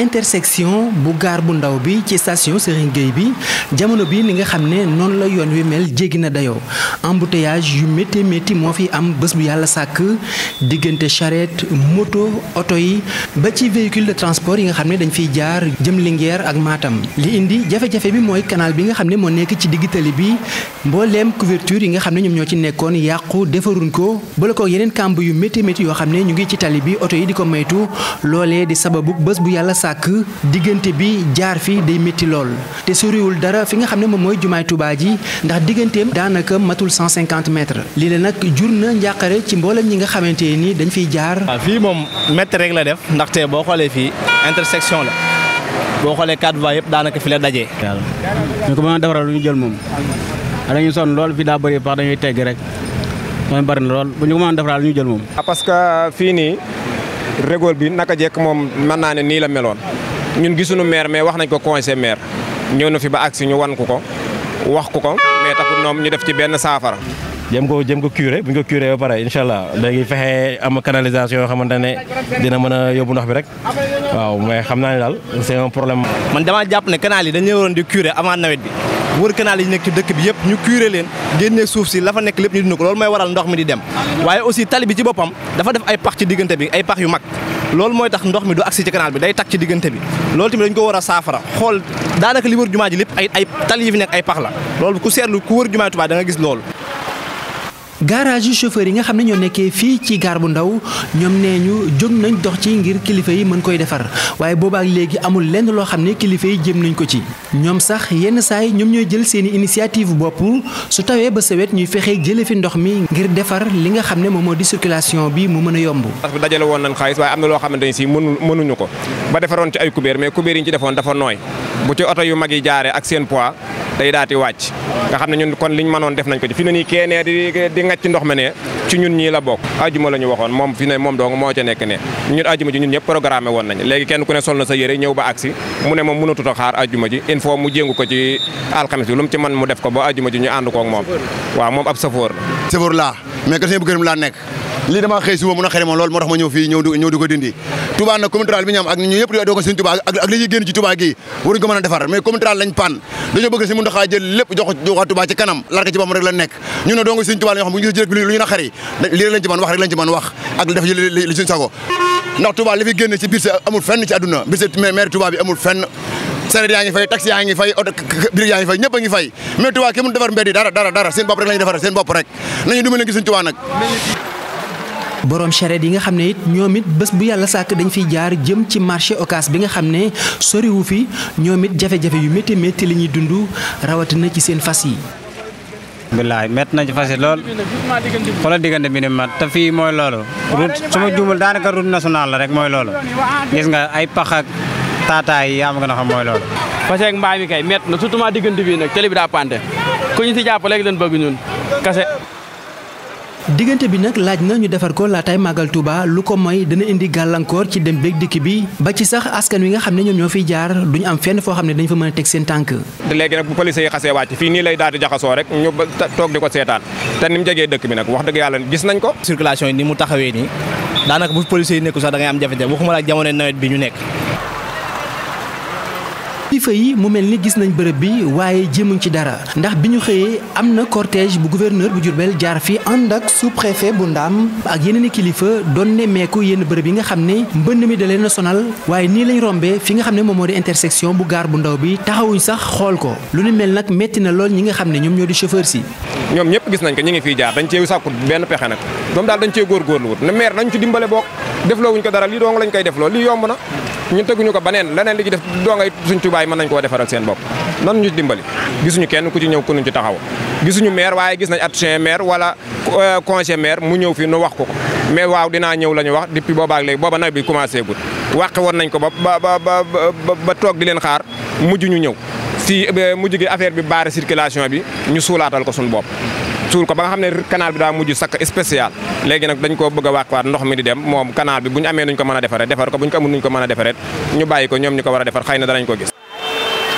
intersection bu gaar bu ndaw bi ci station Serigne Gueye bi jamono bi ni nga xam ne noonu la yoon wi mel jéggi na dayoo embouteillage yu métti métti moo fi am bés bu yàlla sàkk diggante charrette moto oto yi ba ci véhicule de transport yi nga xam ne dañ fiy jaar jëm Linguère ak maatam li indi jafe-jafe bi mooy canal bi nga xam ne moo nekk ci digg tali bi mbooleem couverture yi nga xam ne ñoom ñoo ci nekkoon yàqu defaruñ ko bala ko yeneen kàmb yu métti métti yoo xam ne ñu ngi ci tali bi yi di ko maytu sàkk diggante bi jaar fi day métti lool te soriwul dara fi nga xam ne moom mooy jumaay Tuubaa ji ndax digganteem daanaka matul 150 mètres lii la nag jur na njàqare ci mboolem ñi nga xamante ni dañ fiy jaar. waaw fii moom métti rek la def ndaxte boo xoolee fii intersection la boo xoolee quatre voies yëpp daanaka fi la dajee. ñu ko mën a lu ñu jël moom dañuy sonn lool fii daa bëri pax dañuy tegg rek mooy bari lool bu lu ñu jël moom. parce fii nii. Rigole bi naka jekk moom mën naa ne nii la meloon ñun gisuñu maire mais wax nañ ko conseil maire ñëw na fi ba agsi ñu wan ko ko wax ko ko mais taxul ñoom ñu def ci benn saafara. jëm ko jëm ko curé bu ñu ko curé yoo pare incha allah léegi fexe am canalisation yoo xamante ne dina mën a yóbbu ndox bi rek waaw mais xam naa ne daal c'est un problème. man damaa jàpp ne canal yi dañu waroon di curé avant nawet bi. wër canal yi nekk ci dëkk bi yëpp ñu curé leen génne suuf si la nekk lépp ñu dund ko loolu mooy waral ndox mi di dem waaye aussi tali bi ci boppam dafa def ay pax ci diggante bi ay pax yu mag loolu mooy tax ndox mi du agsi ci canal bi day tak ci diggante bi loolu tamit dañ ko war a saafara xool daanaka li wër jumaa ji lépp ay ay tali yi fi nekk ay pax la loolu ku seetlu ku wër jumaa Tuubaa da nga gis lool garage yu chauffeur yi nga xam ne ñoo nekkee fii ci gaar bu ndaw ñoom nee ñu jóg nañ dox ci ngir kilifa yi mën koy defar waaye boobaak léegi amul lenn loo xam ne kilifa yi jëm nañ ko ci ñoom sax yenn saay ñoom ñooy jël seeni initiative bopp su tawee ba sawet ñuy fexe jële fi ndox mi ngir defar li nga xam ne moom moo di circulation bi mu mën a yomb parce que dajale woon nañ xaalis waaye am na loo xamante ne si mënu mënuñu ko ba defaroon ci ay kubéer mais kubéer yi ñu ci oto yu mag yi jaaree ak seen day daati wàcc nga xam ne ñun kon liñ mënoon def ko fi ne nii kee di di ndox ma ne ci ñun ñii bokk ajuma la waxoon moom fi moo ca moom mënatut a xaar ajuma ji il mu jéngu ko ci alxames bi lu ci man mu def ko ba ajuma ji ñu ànd koog moom waaw moom ab safoor la safoor laa mais que seen bu laa nekk lii damaa xëy suba mun a xëy moom loolu moo tax ma ñëw fii ñëw di dindi Touba nag commune rurale bi ak ñu yëpp doo ko a defar mais commune Muntaxa lépp jox ko ci kanam larka ci boppam rek la nekk ñu ne doonga Sëriñ Touba la ñoo xam bu ñu lu ñu naqari lii rek lañ ci mën wax rek lañ ci mën wax ak def li suñ sago ndax Touba li fi génn ci biir sa amul fenn ci àdduna biir sa maire Touba bi amul fenn sareet yaa ngi fay taxi yaa ngi fay biir yaa ngi fay ñëpp ngi fay mais Touba ki mun defar mbedd yi dara dara bopp rek lañu defar seen bopp rek nañu dimbali nag borom charrette yi nga xam ne it ñoom it bés bu yàlla sàkk dañ fiy jaar jëm ci marché occas bi nga xam ne soriwu fi ñoom it jafe-jafe yu métti métti li ñuy dund rawatina ci seen fas yi. bilaay met na ci fas lool xoolal diggante bi ni fii mooy loolu route su ma juumul daanaka rek mooy loolu gis nga ay pax ak taataay yi am nga xam mooy nag télé daa pante ku ñu si jàpp léegi leen bëgg ñun kase. diggante bi nag laaj na ñu defar ko laatay màggal Touba lu ko moy dana indi gàllankoor ci dem beeg dikk bi ba ci sax askan wi nga xam ne ñoom ñoo fiy jaar duñu am fenn foo xam ne dañ fa mën a teg seen tànk léegi nag bu police yi xasee wàcc fii nii lay daal di jaxasoo rek ñu toog di ko seetaan te ni mu jegee dëkk bi nag wax dëgg yàlla gis nañ ko circulation yi ni mu taxawee nii daanaka bu police yi nekku sax da am jafe-jafe waxuma la jamono nawet bi ñu nekk kilifa yi mu mel ni gis nañ bërëb bi waaye jéemuñ ci dara ndax bi ñu xëyee am na cortège bu gouverneur bu Diourbel jaar fi ànd ak su préfet bu Ndaam ak yeneen i kilifa doon ne meeku yenn bërëb yi nga xam ne mbënn mi da leen a sonal waaye nii lañ rombee fi nga xam ne moom moo di intersection bu gaar bu ndaw bi taxawuñ sax xool ko lu ni mel nag metti na lool ñi nga xam ne ñoom ñoo di chauffeur si ñoom ñëpp gis nañ ko ñu ngi fiy jaar dañ cee sàkku benn pexe nag moom daal dañ cee góorgóorlu wut na maire nañ ci dimbale bokk defloo wuñ ko dara lii koy defloo lii na ñun teguñu ko baneen leneen li ci def doongay suñ tubaay mën nañ koo defaral seen bopp nan ñu dimbali gisuñu kenn ku ci ñëw ku ñu ci taxaw gisuñu maire waaye gis nañ adjoint maire wala euh, conseiller maire mu ñëw fi nu wax ko ko mais waaw dinaa ñëw la ñu wax depuis boobaak léegi booba nawet bi commencé gul wàqe woon nañ ko ba ba ba ba toog di leen xaar mujj ñu ñëw si mujj gi affaire bi barre circulation bi ñu suulaatal ko suñu bopp suul ko ba nga xam ne canal bi daa mujj sakk spécial léegi nag dañ ko bëgg a wàqwaat ndox mi di dem moom canal bi bu ñu amee nuñ ko mën defaree defar ko bu ñu ko amul nuñ ko mën a defaree ñu bàyyi ko ñoom ñu ko war a defar xëy na danañ ko gis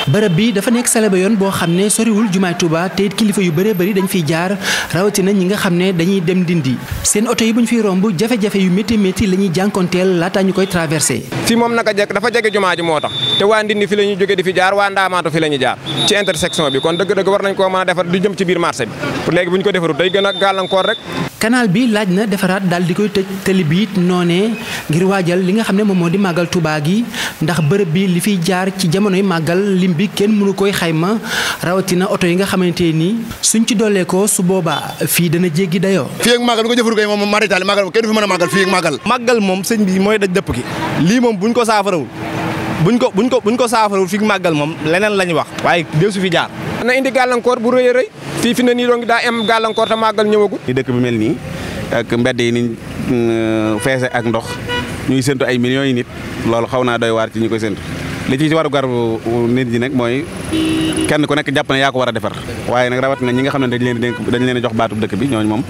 bërëb bi dafa nekk salaba yoon boo xam ne soriwul jumaay Touba te it kilifa yu bëree bëri dañ fiy jaar rawatina ñi nga xam ne dañuy dem dindi seen oto yi bu ñu fi romb jafe-jafe yu métti métti la ñuy jànkonteel laataa ñu koy traversé. fii moom naka jekk dafa jege jumaa ji moo tax te waa ndindi fi la ñuy jóge di fi jaar waa ndaamaatu fi la ñuy jaar ci intersection bi kon dëgg-dëgg war nañ koo mën a defar di jëm ci biir marché bi pour léegi bu ñu ko defarul day gën a rek canal bi laaj na defaraat daal di koy tëj tëli bi it noonee ngir waajal li nga xam ne moom moo di màggal tubaa gi ndax bërëb bi li fiy jaar ci jamonoy màggal lim bi kenn mënu koy xayma rawatina oto yi nga xamante ni suñ ci doolee ko su boobaa fii dana jéggi dayoo. fii ak màggal bu ko jëfur kay moom maritaali màggal kenn du fi mën a màggal moom sëñ bi mooy daj dëpp gi lii moom buñ ko saafarawul buñ ko buñ ko buñ ko saafarawul fii màggal moom leneen la wax waaye déew su fi jaar. na indi gàllankoor bu rëy rëy fii fi ne nii donc daa am gàllankoor te màggal ñëwagul. ni dëkk bi mel nii ak mbedd yi niñ euh, feese ak ndox ñuy séntu ay millions yi nit loolu xaw naa doy waar ci ñu koy séntu li ci ci waru garbu nit ñi nag mooy kenn ku nekk jàpp na yaa ko war a defar waaye nag na ñi nga xam ne dañ leen dañ leen jox baatu dëkk bi ñooñ moom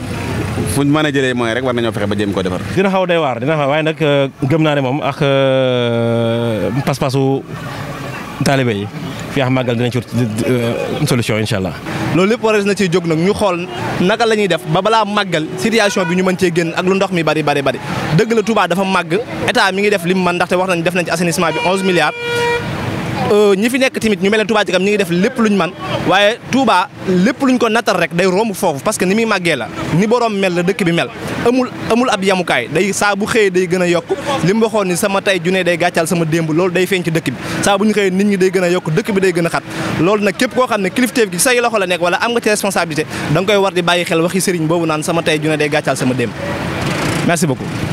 fu ñu mën a jëlee mooy rek war nañoo fexe ba jéem koo defar. dina xaw doy waar dina xaw waaye nag euh, gëm naa ne moom ak euh, pas-pasu. taalibe yi fi ax màggal dinañ ci euh, solution incha allah. loolu lépp warees na ciy jóg nag ñu xool naka la ñuy def ba balaa màggal situation bi ñu mën cee génn ak lu ndox mi bari bari bari dëgg la Touba dafa màgg état mi ngi def li mu mën ndaxte wax nañ def nañ ci assainissement bi 11 milliards. Euh, ñi fi nekk tamit ñu mel ne Touba ci ñi ngi def lépp luñ man waaye Touba lépp luñ ko nattal rek day romb foofu parce que ni muy màggee la ni borom mel la dëkk bi mel amul amul ab yamukaay day saa bu xëyee day gën a yokk li mu waxoon ni sama tey junne day gàccal sama démb loolu day feeñ ci dëkk bi saa bu ñu xëyee nit ñi day gën a yokk dëkk bi day gën a xat loolu nag képp koo xam ne kilifteef gi say loxo la nekk wala am nga ci responsabilité da nga koy war di bàyyi xel waxi sëriñ boobu naan sama tey junne day gàccal sama démb merci beaucoup